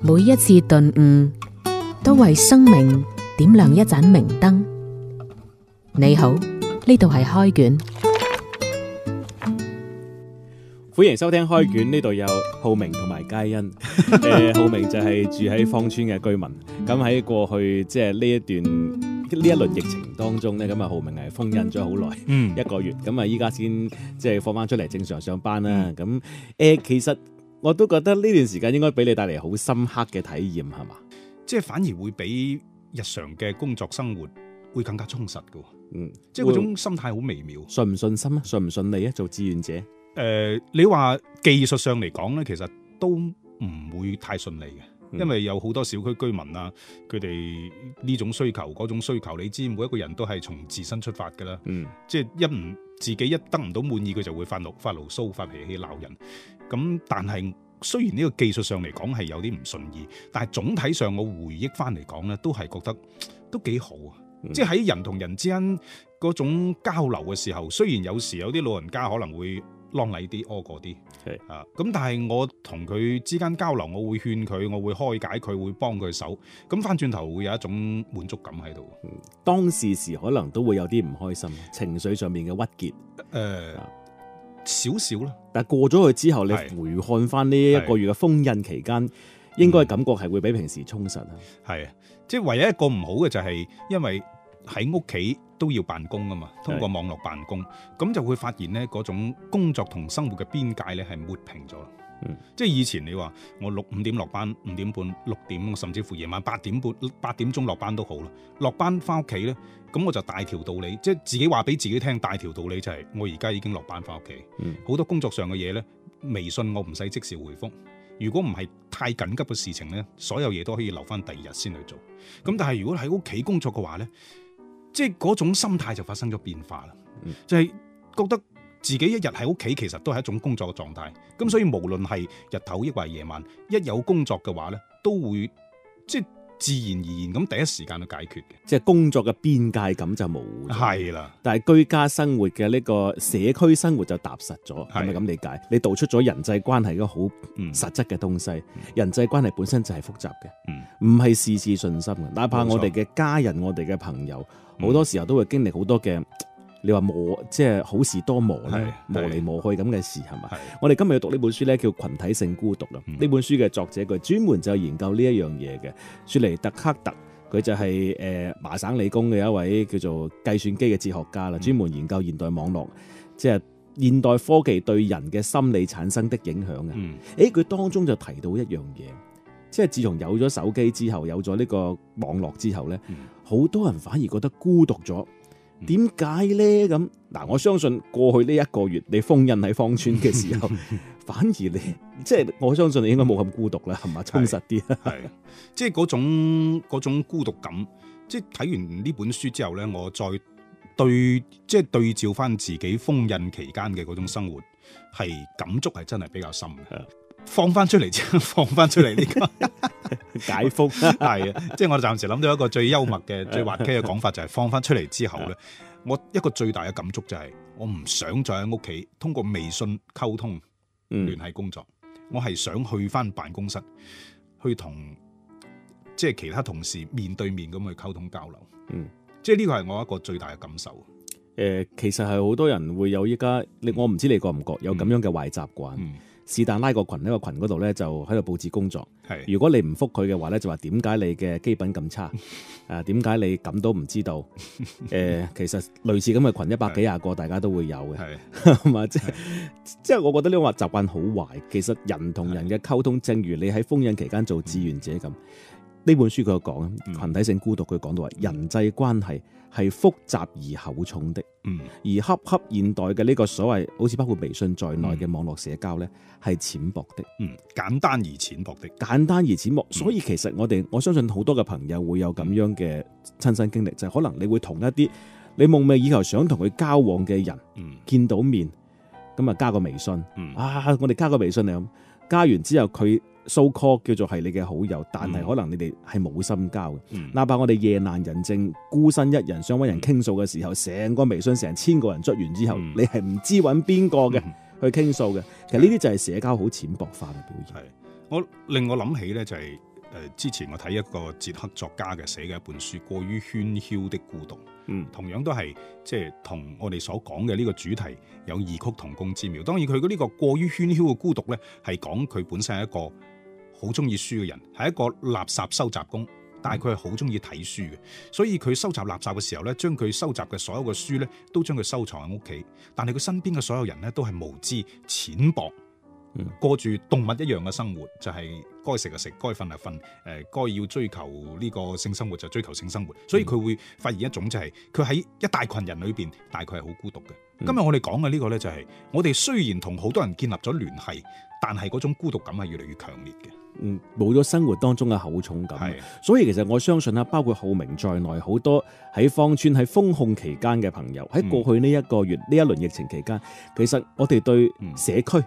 每一次頓悟，都為生命點亮一盞明燈。你好，呢度係開卷，歡迎收聽開卷。呢度有浩明同埋佳欣。誒，浩明就係住喺芳村嘅居民。咁喺過去即係呢一段呢一輪疫情當中呢，咁啊浩明係封印咗好耐，嗯，一個月。咁啊依家先即係放翻出嚟，正常上班啦。咁誒，其實。我都覺得呢段時間應該俾你帶嚟好深刻嘅體驗，係嘛？即係反而會比日常嘅工作生活會更加充實噶。嗯，即係嗰種心態好微妙。順唔順心咧？順唔順利啊？做志願者？誒、呃，你話技術上嚟講咧，其實都唔會太順利嘅，嗯、因為有好多小區居民啊，佢哋呢種需求、嗰種需求，你知每一個人都係從自身出發噶啦。嗯，即係一唔自己一得唔到滿意，佢就會發怒、發牢騷、發脾氣、鬧人。咁但係雖然呢個技術上嚟講係有啲唔順意，但係總體上我回憶翻嚟講呢，都係覺得都幾好啊！嗯、即係喺人同人之間嗰種交流嘅時候，雖然有時有啲老人家可能會啷賴啲、屙過啲，係咁係、啊、但係我同佢之間交流，我會勸佢，我會開解佢，會幫佢手，咁翻轉頭會有一種滿足感喺度、嗯。當事時,時可能都會有啲唔開心，情緒上面嘅鬱結。誒、呃。少少啦，但係過咗去之後，是你回看翻呢一個月嘅封印期間，的應該感覺係會比平時充實啊。係啊，即、就、係、是、唯一一個唔好嘅就係，因為喺屋企都要辦公啊嘛，通過網絡辦公，咁的就會發現呢嗰種工作同生活嘅邊界咧係抹平咗。嗯、即係以前你話我六五點落班，五點半六點甚至乎夜晚八點半八點鐘落班都好啦，落班翻屋企咧，咁我就大條道理，即係自己話俾自己聽大條道理就係我而家已經落班翻屋企，好、嗯、多工作上嘅嘢咧，微信我唔使即時回複，如果唔係太緊急嘅事情咧，所有嘢都可以留翻第二日先去做。咁但係如果喺屋企工作嘅話咧，即係嗰種心態就發生咗變化啦，嗯、就係覺得。自己一日喺屋企，其實都係一種工作嘅狀態。咁所以無論係日頭抑或夜晚，一有工作嘅話呢都會即自然而然咁第一時間去解決嘅，即係工作嘅邊界感就模糊。係啦的，但係居家生活嘅呢個社區生活就踏實咗，係咪咁理解？你道出咗人際關係一個好實質嘅東西。嗯、人際關係本身就係複雜嘅，唔係、嗯、事事順心嘅。哪怕我哋嘅家人、錯我哋嘅朋友，好多時候都會經歷好多嘅。嗯嗯你話磨，即係好事多磨咧，磨嚟磨去咁嘅事係嘛？是我哋今日要讀呢本書咧，叫《群體性孤獨》啊。呢、嗯、本書嘅作者佢專門就研究呢一樣嘢嘅，雪莉特克特佢就係、是、誒、呃、麻省理工嘅一位叫做計算機嘅哲學家啦，專、嗯、門研究現代網絡，即係現代科技對人嘅心理產生的影響啊。誒、嗯，佢、欸、當中就提到一樣嘢，即係自從有咗手機之後，有咗呢個網絡之後咧，好、嗯、多人反而覺得孤獨咗。點解咧？咁嗱，我相信過去呢一個月你封印喺芳村嘅時候， 反而你即係我相信你應該冇咁孤獨啦，係嘛？充實啲係，即係嗰種嗰種孤獨感。即係睇完呢本書之後咧，我再對即係、即係、對照翻自己封印期間嘅嗰種生活，係感觸係真係比較深嘅。放翻出嚟之後，放翻出嚟呢個 解封係啊！即係我暫時諗到一個最幽默嘅、 最滑稽嘅講法，就係放翻出嚟之後咧， 我一個最大嘅感觸就係，我唔想再喺屋企通過微信溝通聯繫、嗯、工作，我係想去翻辦公室去同即係其他同事面對面咁去溝通交流。嗯，即係呢個係我一個最大嘅感受。誒、嗯，其實係好多人會有依家，我你我唔知你覺唔覺有咁樣嘅壞習慣。嗯嗯是但拉個群，呢個群嗰度咧就喺度布置工作。係是如果你唔覆佢嘅話咧，就話點解你嘅基品咁差？誒、 啊，點解你咁都唔知道？誒、 呃，其實類似咁嘅群是一百幾廿個，大家都會有嘅。係嘛是，就是、是即係即係我覺得呢種話習慣好壞。其實人同人嘅溝通，正如你喺封印期間做志願者咁。呢是、嗯、本書佢有講群體性孤獨，佢講到話人際關係。係複雜而厚重的，嗯，而恰恰現代嘅呢個所謂好似包括微信在內嘅網絡社交呢，係，嗯，淺薄的，嗯，簡單而淺薄的，簡單而淺薄，嗯，所以其實我哋我相信好多嘅朋友會有咁樣嘅親身經歷，嗯，就係可能你會同一啲你夢寐以求想同佢交往嘅人，嗯，見到面，咁啊加個微信，嗯，啊我哋加個微信嚟咁，加完之後佢。So called 叫做，係你嘅好友，但係可能你哋係冇深交嘅。嗯、哪怕我哋夜難人靜，孤身一人想揾人傾訴嘅時候，成、嗯、個微信成千個人捽完之後，嗯、你係唔知揾邊個嘅去傾訴嘅。其實呢啲就係社交好淺薄化嘅表現。係我令我諗起咧、就是，就係誒之前我睇一個捷克作家嘅寫嘅一本書《嗯、過於喧囂的孤獨》，嗯，同樣都係即係同我哋所講嘅呢個主題有異曲同工之妙。當然佢嘅呢個過於喧囂嘅孤獨咧，係講佢本身係一個。好中意書嘅人係一個垃圾收集工，但係佢係好中意睇書嘅，所以佢收集垃圾嘅時候呢，將佢收集嘅所有嘅書呢，都將佢收藏喺屋企。但係佢身邊嘅所有人呢，都係無知淺薄。過住動物一樣嘅生活，就係、是、該食就食，該瞓就瞓。誒、呃，該要追求呢個性生活就追求性生活，所以佢會發現一種就係佢喺一大群人裏邊，大概係好孤獨嘅。今日我哋講嘅呢個呢、就是，就係我哋雖然同好多人建立咗聯繫，但係嗰種孤獨感係越嚟越強烈嘅。嗯，冇咗生活當中嘅厚重感，的所以其實我相信啦，包括浩明在內好多喺芳村喺封控期間嘅朋友喺過去呢一個月呢、嗯、一輪疫情期間，其實我哋對社區，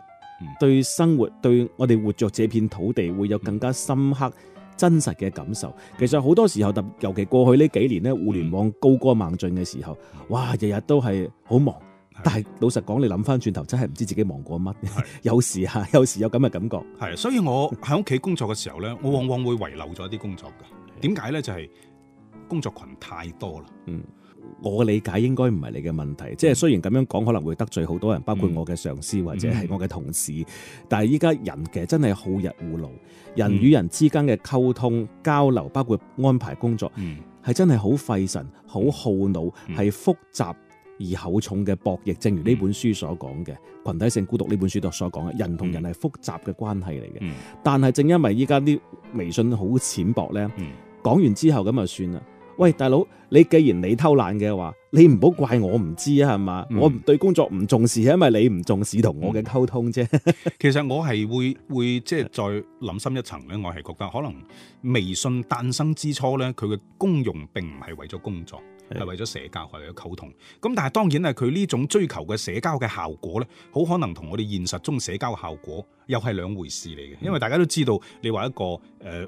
對生活，對我哋活著這片土地，會有更加深刻、嗯、真實嘅感受。其實好多時候，特別尤其過去呢幾年呢，互聯網高歌猛進嘅時候，哇，日日都係好忙。是的 但係老實講，你諗翻轉頭，真係唔知自己忙過乜。是的 有時吓，有時有咁嘅感覺。係，所以我喺屋企工作嘅時候呢， 我往往會遺留咗啲工作噶。點解呢？就係、是、工作群太多啦。嗯。我理解應該唔係你嘅問題，即係雖然咁樣講可能會得罪好多人，包括我嘅上司或者係我嘅同事，嗯、但係依家人其實真係好逸惡勞，嗯、人與人之間嘅溝通交流，包括安排工作，係、嗯、真係好費神、好耗腦，係、嗯、複雜而厚重嘅博弈。正如呢本書所講嘅《嗯、群體性孤獨》呢本書都所講嘅，人同人係複雜嘅關係嚟嘅。嗯、但係正因為依家啲微信好淺薄呢，講、嗯、完之後咁就算啦。喂，大佬，你既然你偷懶嘅話，你唔好怪我唔知啊，係嘛？嗯、我唔對工作唔重視，因為你唔重視同我嘅溝通啫、嗯。 其實我係會會即係再諗深一層咧，我係覺得可能微信誕生之初咧，佢嘅功用並唔係為咗工作。係為咗社交，係為咗溝通。咁但係當然係佢呢種追求嘅社交嘅效果咧，好可能同我哋現實中社交效果又係兩回事嚟嘅。因為大家都知道，你話一個誒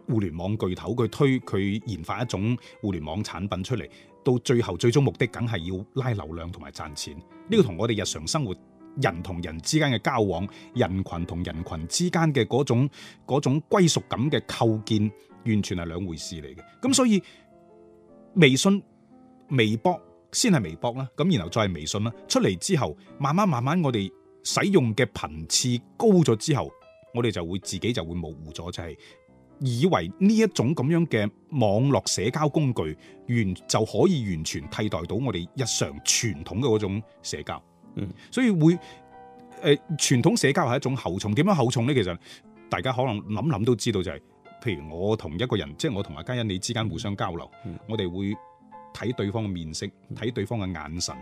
互聯網巨頭佢推佢研發一種互聯網產品出嚟，到最後最終目的梗係要拉流量同埋賺錢。呢個同我哋日常生活人同人之間嘅交往、人群同人群之間嘅嗰種嗰種歸屬感嘅構建，完全係兩回事嚟嘅。咁所以微信。微博先係微博啦，咁然後再係微信啦。出嚟之後，慢慢慢慢，我哋使用嘅頻次高咗之後，我哋就會自己就會模糊咗，就係、是、以為呢一種咁樣嘅網絡社交工具，完就可以完全替代到我哋日常傳統嘅嗰種社交。嗯，所以會誒、呃，傳統社交係一種厚重，點樣厚重咧？其實大家可能諗諗都知道、就是，就係譬如我同一個人，即、就、係、是、我同阿嘉欣你之間互相交流，嗯、我哋會。睇對方嘅面色，睇對方嘅眼神，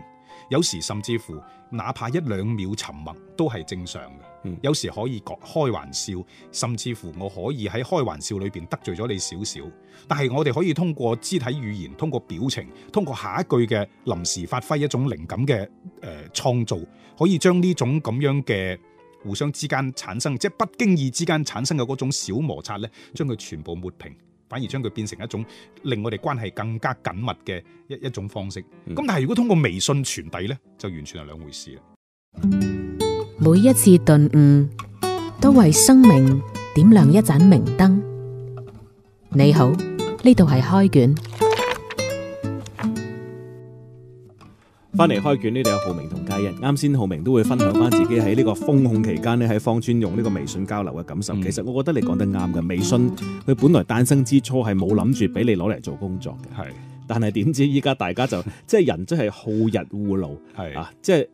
有時甚至乎哪怕一兩秒沉默都係正常嘅。有時可以講開玩笑，甚至乎我可以喺開玩笑裏邊得罪咗你少少，但係我哋可以通過肢體語言、通過表情、通過下一句嘅臨時發揮一種靈感嘅誒創造，可以將呢種咁樣嘅互相之間產生即係、就是、不經意之間產生嘅嗰種小摩擦呢將佢全部抹平。反而將佢變成一種令我哋關係更加緊密嘅一一種方式。咁但係如果通過微信傳遞呢，就完全係兩回事啦。每一次頓悟都為生命點亮一盞明燈。你好，呢度係開卷。翻嚟開卷呢度有浩明同佳欣，啱先浩明都會分享翻自己喺呢個封控期間咧喺芳村用呢個微信交流嘅感受。嗯、其實我覺得你講得啱嘅，微信佢本來誕生之初係冇諗住俾你攞嚟做工作嘅。係是，但係點知依家大家就即係 人真係好日糊路，係是啊，即、就、係、是、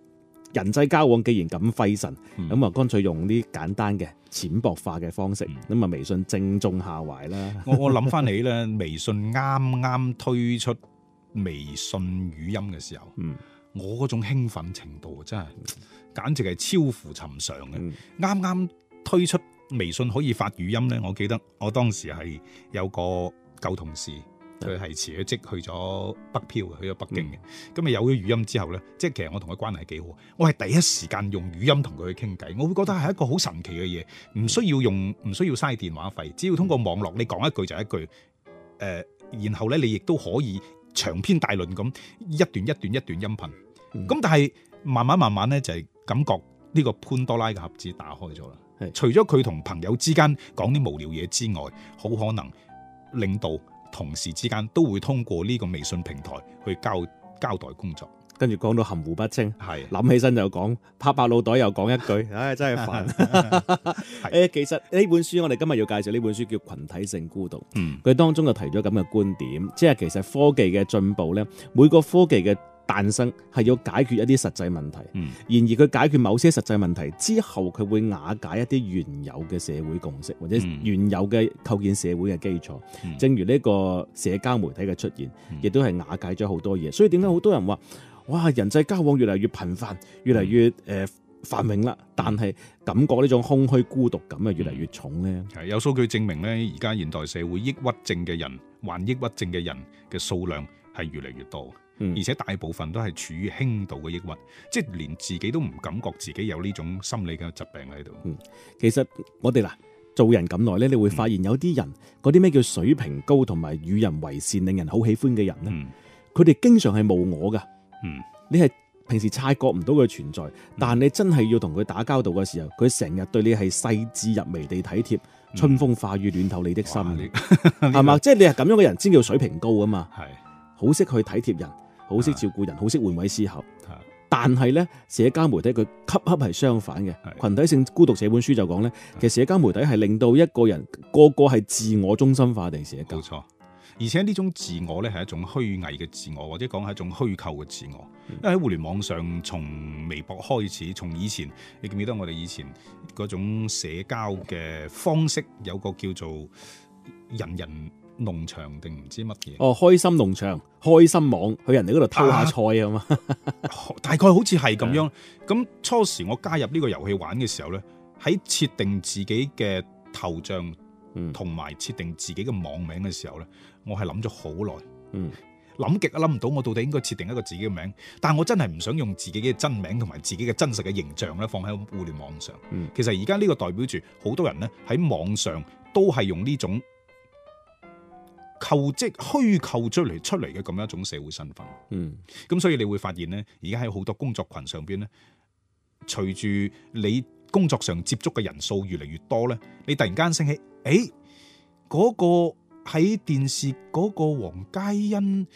人際交往既然咁費神，咁啊、嗯，乾脆用啲簡單嘅淺薄化嘅方式，咁啊、嗯，微信正中下懷啦。我我諗翻起咧， 微信啱啱推出微信語音嘅時候，嗯。我嗰種興奮程度真係簡直係超乎尋常嘅。啱啱、嗯、推出微信可以發語音呢，我記得我當時係有個舊同事，佢係辭咗職去咗北漂去咗北京嘅。咁啊、嗯嗯、有咗語音之後呢，即係其實我同佢關係幾好，我係第一時間用語音同佢去傾偈。我會覺得係一個好神奇嘅嘢，唔需要用唔需要嘥電話費，只要通過網絡你講一句就一句，誒、呃，然後呢，你亦都可以長篇大論咁一,一,一段一段一段音頻。咁、嗯、但係慢慢慢慢咧，就係、是、感覺呢個潘多拉嘅盒子打開咗啦。係是除咗佢同朋友之間講啲無聊嘢之外，好可能領導同事之間都會通過呢個微信平台去交交代工作。跟住講到含糊不清，係諗是起身就講，拍拍腦袋又講一句，唉、 哎、真係煩。誒 是，其實呢本書我哋今日要介紹呢本書叫《群體性孤獨》，佢、嗯、當中就提咗咁嘅觀點，即、就、係、是、其實科技嘅進步咧，每個科技嘅誕生係要解決一啲實際問題，嗯、然而佢解決某些實際問題之後，佢會瓦解一啲原有嘅社會共識或者原有嘅構建社會嘅基礎。嗯、正如呢個社交媒體嘅出現，嗯、亦都係瓦解咗好多嘢。所以點解好多人話，哇，人際交往越嚟越頻繁，越嚟越誒、嗯呃、繁榮啦，但係感覺呢種空虛孤獨感啊越嚟越重呢？係有數據證明呢而家現代社會抑鬱症嘅人、患抑鬱症嘅人嘅數量係越嚟越多。而且大部分都係處於輕度嘅抑鬱，即係連自己都唔感覺自己有呢種心理嘅疾病喺度。嗯，其實我哋嗱做人咁耐咧，你會發現有啲人嗰啲咩叫水平高同埋與人為善，令人好喜歡嘅人咧，佢哋，嗯、經常係冇我噶。嗯，你係平時察覺唔到佢存在，但你真係要同佢打交道嘅時候，佢成日對你係細致入微地體貼，春風化雨暖透你的心，係嘛，嗯？即係、 就是、你係咁樣嘅人先叫水平高啊嘛。係、嗯，好識去體貼人。的的一好識照顧人，好識換位思考。的但係咧，社交媒體佢恰恰係相反嘅。的群體性孤獨這本書就講咧，的其實社交媒體係令到一個人個個係自我中心化定社交。冇錯。而且呢種自我咧係一種虛偽嘅自我，或者講係一種虛構嘅自我。的因為喺互聯網上，從微博開始，從以前，你記唔記得我哋以前嗰種社交嘅方式，有個叫做人人。農場定唔知乜嘢？哦，開心農場、開心網，去人哋嗰度偷下菜啊嘛！ 大概好似係咁樣。咁的初時我加入呢個遊戲玩嘅時候呢，喺設定自己嘅頭像同埋設定自己嘅網名嘅時候呢，我係諗咗好耐，諗極都諗唔到我到底應該設定一個自己嘅名。但我真係唔想用自己嘅真名同埋自己嘅真實嘅形象咧，放喺互聯網上。嗯、其實而家呢個代表住好多人呢，喺網上都係用呢種。求職虛構出嚟出嚟嘅咁樣一種社會身份，嗯，咁所以你會發現咧，而家喺好多工作群上邊咧，隨住你工作上接觸嘅人數越嚟越多咧，你突然間升起，誒，嗰、那個喺電視嗰個黃佳欣。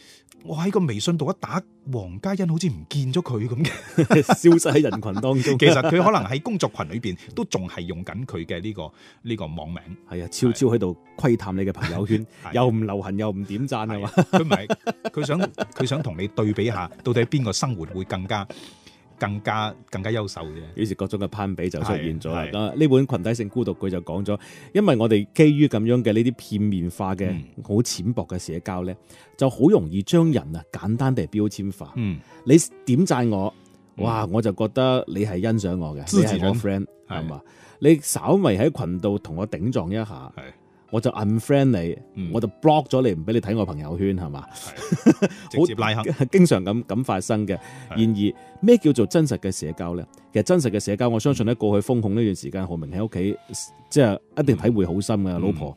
我喺個微信度一打黃嘉欣，家好似唔見咗佢咁嘅。 消失喺人群當中。 其實佢可能喺工作群裏邊都仲係用緊佢嘅呢個呢、呢個網名。係啊，悄悄喺度窺探你嘅朋友圈， 啊、又唔流行又唔點讚啊嘛。佢唔係，佢想佢想同你對比下，到底邊個生活會更加。更加更加優秀嘅，於是各種嘅攀比就出現咗。咁呢本《群體性孤獨》佢就講咗，因為我哋基於咁樣嘅呢啲片面化嘅好淺薄嘅社交呢，就好容易將人啊簡單地標籤化。嗯，你點贊我，哇，我就覺得你係欣賞我嘅，你係我 friend 係嘛？你稍微喺群度同我頂撞一下。的我就 unfriend 你，我就 block 咗你，唔俾你睇我朋友圈，係嘛？好，直接拉黑，係經常咁咁發生嘅。然而咩叫做真實嘅社交咧？其實真實嘅社交，我相信咧過去封控呢段時間，何明喺屋企，即係一定體會好深嘅老婆。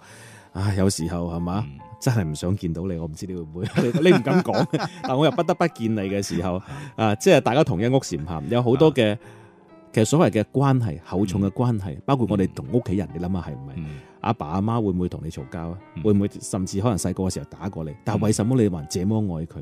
唉，有時候係嘛，真係唔想見到你，我唔知你會唔會，你唔敢講。但我又不得不見你嘅時候，啊，即係大家同一屋檐下，有好多嘅其實所謂嘅關係，厚重嘅關係，包括我哋同屋企人，你諗下係唔係？阿爸阿媽，媽會唔會同你吵架？啊？會唔會甚至可能細個時候打過你？但係為什麼你還這麼愛佢？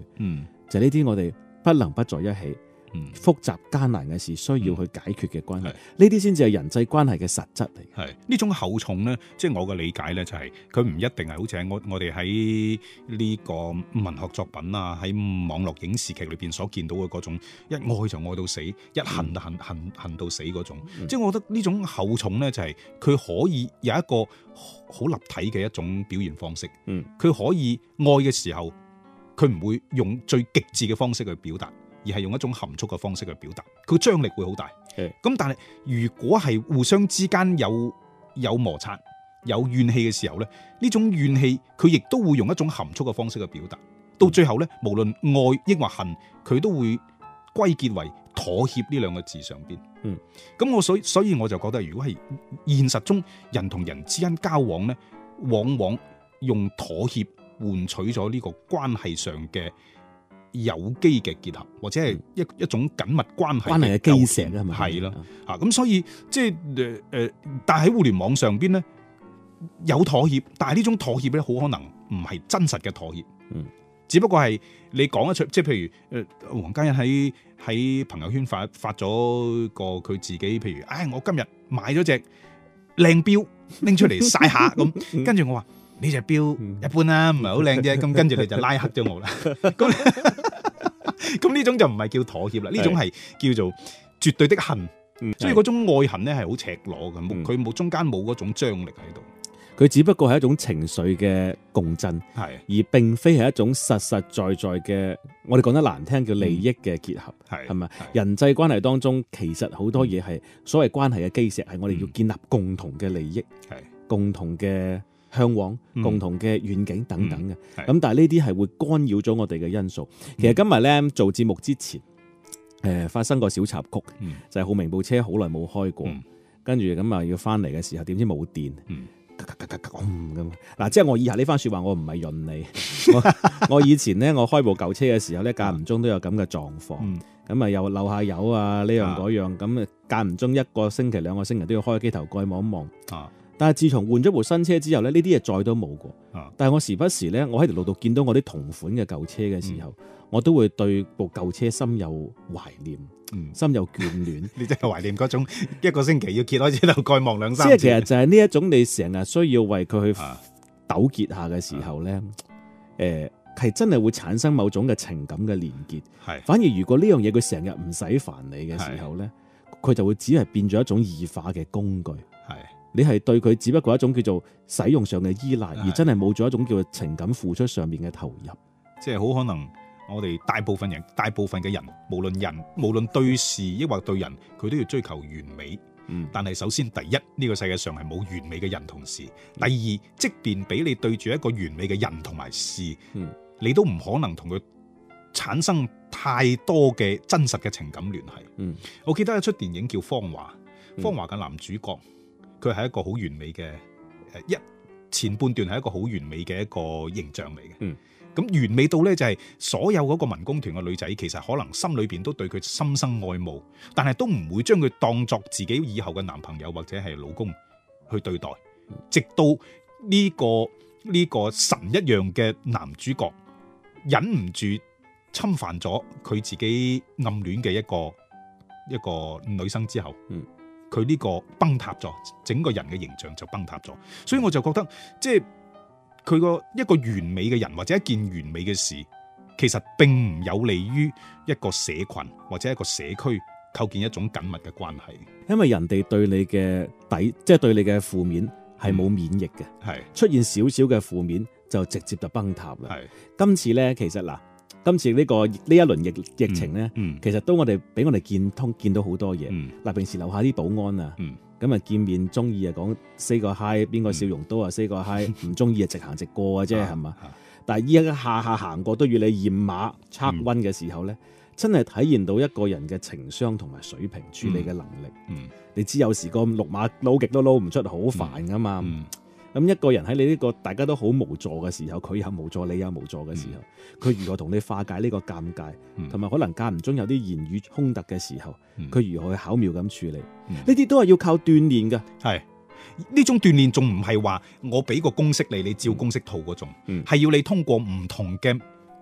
就呢、是、啲我哋不能不在一起。嗯、複雜艱難嘅事需要去解決嘅關係，呢啲先至係人際關係嘅實質嚟。係呢種厚重咧，即、就、係、是、我嘅理解咧，就係佢唔一定係好似喺我我哋喺呢個文學作品啊，喺網絡影視劇裏邊所見到嘅嗰種一愛就愛到死，嗯、一恨就恨恨恨到死嗰種。即係、嗯、我覺得種後呢種厚重咧，就係、是、佢可以有一個好立體嘅一種表現方式。嗯，佢可以愛嘅時候，佢唔會用最極致嘅方式去表達。而係用一種含蓄嘅方式去表達，佢張力會好大。咁的但係如果係互相之間有有摩擦、有怨氣嘅時候咧，呢種怨氣佢亦都會用一種含蓄嘅方式去表達。到最後呢，嗯、無論愛抑或恨，佢都會歸結為妥協呢兩個字上邊。嗯，咁我所以所以我就覺得，如果係現實中人同人之間交往呢，往往用妥協換取咗呢個關係上嘅。有機嘅結合，或者係一一種緊密關係嘅基石係咯，是是的啊，咁所以即係誒誒，但係喺互聯網上邊咧有妥協，但係呢種妥協咧，好可能唔係真實嘅妥協，嗯、只不過係你講得出，即係譬如誒，黃家欣喺喺朋友圈發發咗個佢自己，譬如唉，我今日買咗隻靚表拎出嚟晒下咁，跟住、 嗯、我話呢隻表一般啦、啊，唔係好靚啫，咁跟住佢就拉黑咗我啦。 咁呢種就唔係叫妥協啦，呢種係叫做絕對的恨，是所以嗰種愛恨咧係好赤裸嘅，佢冇是中間冇嗰種張力喺度，佢只不過係一種情緒嘅共振，係是而並非係一種實實在在嘅，我哋講得難聽叫利益嘅結合，係係咪？吧是人際關係當中其實好多嘢係所謂關係嘅基石，係我哋要建立共同嘅利益，係是是共同嘅。向往、共同嘅願景等等嘅，咁但係呢啲係會干擾咗我哋嘅因素。其實今日咧做節目之前，誒發生個小插曲，就係好明部車好耐冇開過，跟住咁啊要翻嚟嘅時候，點知冇電，咁嗱，即係我以下呢番說話，我唔係潤你，我以前咧我開部舊車嘅時候咧，間唔中都有咁嘅狀況，咁啊又漏下油啊呢樣嗰樣，咁啊間唔中一個星期兩個星期都要開機頭蓋望一望啊。但係自從換咗部新車之後咧，呢啲嘢，再都冇過。但係我時不時咧，我喺條路度見到我啲同款嘅舊車嘅時候，嗯、我都會對部舊車心有懷念，心有眷戀。嗯、 你真係懷念嗰種一個星期要揭開車頭蓋望兩三次。其實就係呢一種你成日需要為佢去糾結下嘅時候咧，誒係、嗯嗯呃、真係會產生某種嘅情感嘅連結。嗯、反而如果呢樣嘢佢成日唔使煩你嘅時候咧，佢是是就會只係變咗一種異化嘅工具。你係對佢，只不過一種叫做使用上嘅依賴，而真係冇咗一種叫做情感付出上面嘅投入。即係好可能，我哋大部分人、大部分嘅人，無論人無論對事抑或對人，佢都要追求完美。嗯。但係首先第一，呢個世界上係冇完美嘅人同事，同時第二，即便俾你對住一個完美嘅人同埋事，嗯，你都唔可能同佢產生太多嘅真實嘅情感聯繫。嗯。我記得一出電影叫《芳華》，芳華嘅男主角。佢係一個好完美嘅，誒，一前半段係一個好完美嘅一個形象嚟嘅，嗯，咁完美到呢，就係所有嗰個民工團嘅女仔其實可能心裏邊都對佢心生愛慕，但係都唔會將佢當作自己以後嘅男朋友或者係老公去對待，直到呢個呢個神一樣嘅男主角忍唔住侵犯咗佢自己暗戀嘅一個一個女生之後。嗯。佢呢個崩塌咗，整個人嘅形象就崩塌咗，所以我就覺得即係佢個一個完美嘅人或者一件完美嘅事，其實並唔有利於一個社群或者一個社區構建一種緊密嘅關係，因為人哋對你嘅底即係、就是、對你嘅負面係冇免疫嘅，係是出現少少嘅負面就直接就崩塌啦。係是今次咧，其實嗱。今次呢個呢一輪疫疫情咧，其實都我哋俾我哋見通見到好多嘢。嗱，平時樓下啲保安啊，咁啊見面中意啊講 say 個嗨，邊個笑容多啊 say 個嗨，唔中意啊直行直過啊，啫，係嘛？但係依家下下行過都要你驗碼測溫嘅時候咧，真係體現到一個人嘅情商同埋水平處理嘅能力。你知有時個綠碼攞極都攞唔出，好煩噶嘛。咁一個人喺你呢個大家都好無助嘅時候，佢有無助，你有無助嘅時候，佢、嗯、如何同你化解呢個尷尬，同埋、嗯、可能間唔中有啲言語衝突嘅時候，佢、嗯、如何去巧妙咁處理？呢啲、嗯、都係要靠鍛鍊嘅。係呢種鍛鍊仲唔係話我俾個公式你，你照公式套嗰種，係、嗯、要你通過唔同嘅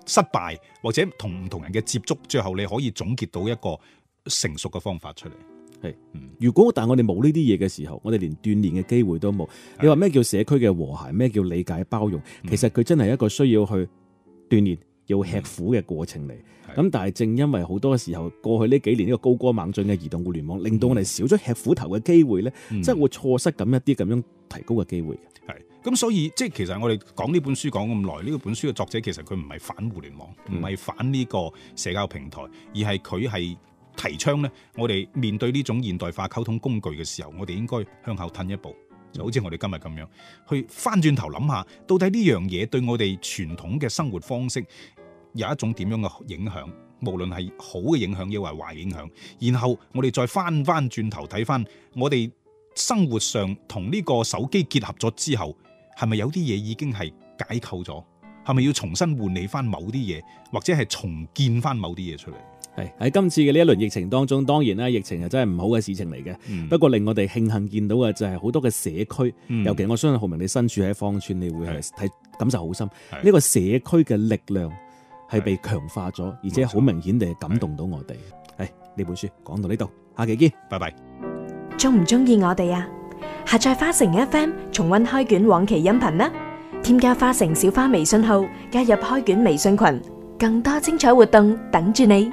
失敗或者同唔同人嘅接觸，最後你可以總結到一個成熟嘅方法出嚟。係，如果但係我哋冇呢啲嘢嘅時候，我哋連鍛鍊嘅機會都冇。你話咩叫社區嘅和諧，咩叫理解包容？其實佢真係一個需要去鍛鍊、要吃苦嘅過程嚟。咁、嗯、但係正因為好多嘅時候，過去呢幾年呢個高歌猛進嘅移動互聯網，令到我哋少咗吃苦頭嘅機會咧，真係、嗯、會錯失咁一啲咁樣提高嘅機會嘅。係，咁所以即係其實我哋講呢本書講咁耐，呢個本書嘅作者其實佢唔係反互聯網，唔係、嗯、反呢個社交平台，而係佢係。提倡咧，我哋面對呢種現代化溝通工具嘅時候，我哋應該向後褪一步，就好似我哋今日咁樣去翻轉頭諗下，到底呢樣嘢對我哋傳統嘅生活方式有一種點樣嘅影響，無論係好嘅影響抑或壞影響，然後我哋再翻翻轉頭睇翻，我哋生活上同呢個手機結合咗之後，係咪有啲嘢已經係解構咗？係咪要重新換嚟翻某啲嘢，或者係重建翻某啲嘢出嚟？喺今次嘅呢一輪疫情當中，當然咧，疫情係真係唔好嘅事情嚟嘅。嗯、不過令我哋慶幸見到嘅就係好多嘅社區，嗯、尤其我相信浩明你身處喺芳村，你會係睇的感受好深。呢的個社區嘅力量係被強化咗，的而且好明顯地感動到我哋。係呢的本書講到呢度，下期見，拜拜。中唔中意我哋啊？下載花城 FM 重溫開卷往期音頻啦！添加花城小花微信號，加入開卷微信群，更多精彩活動等住你。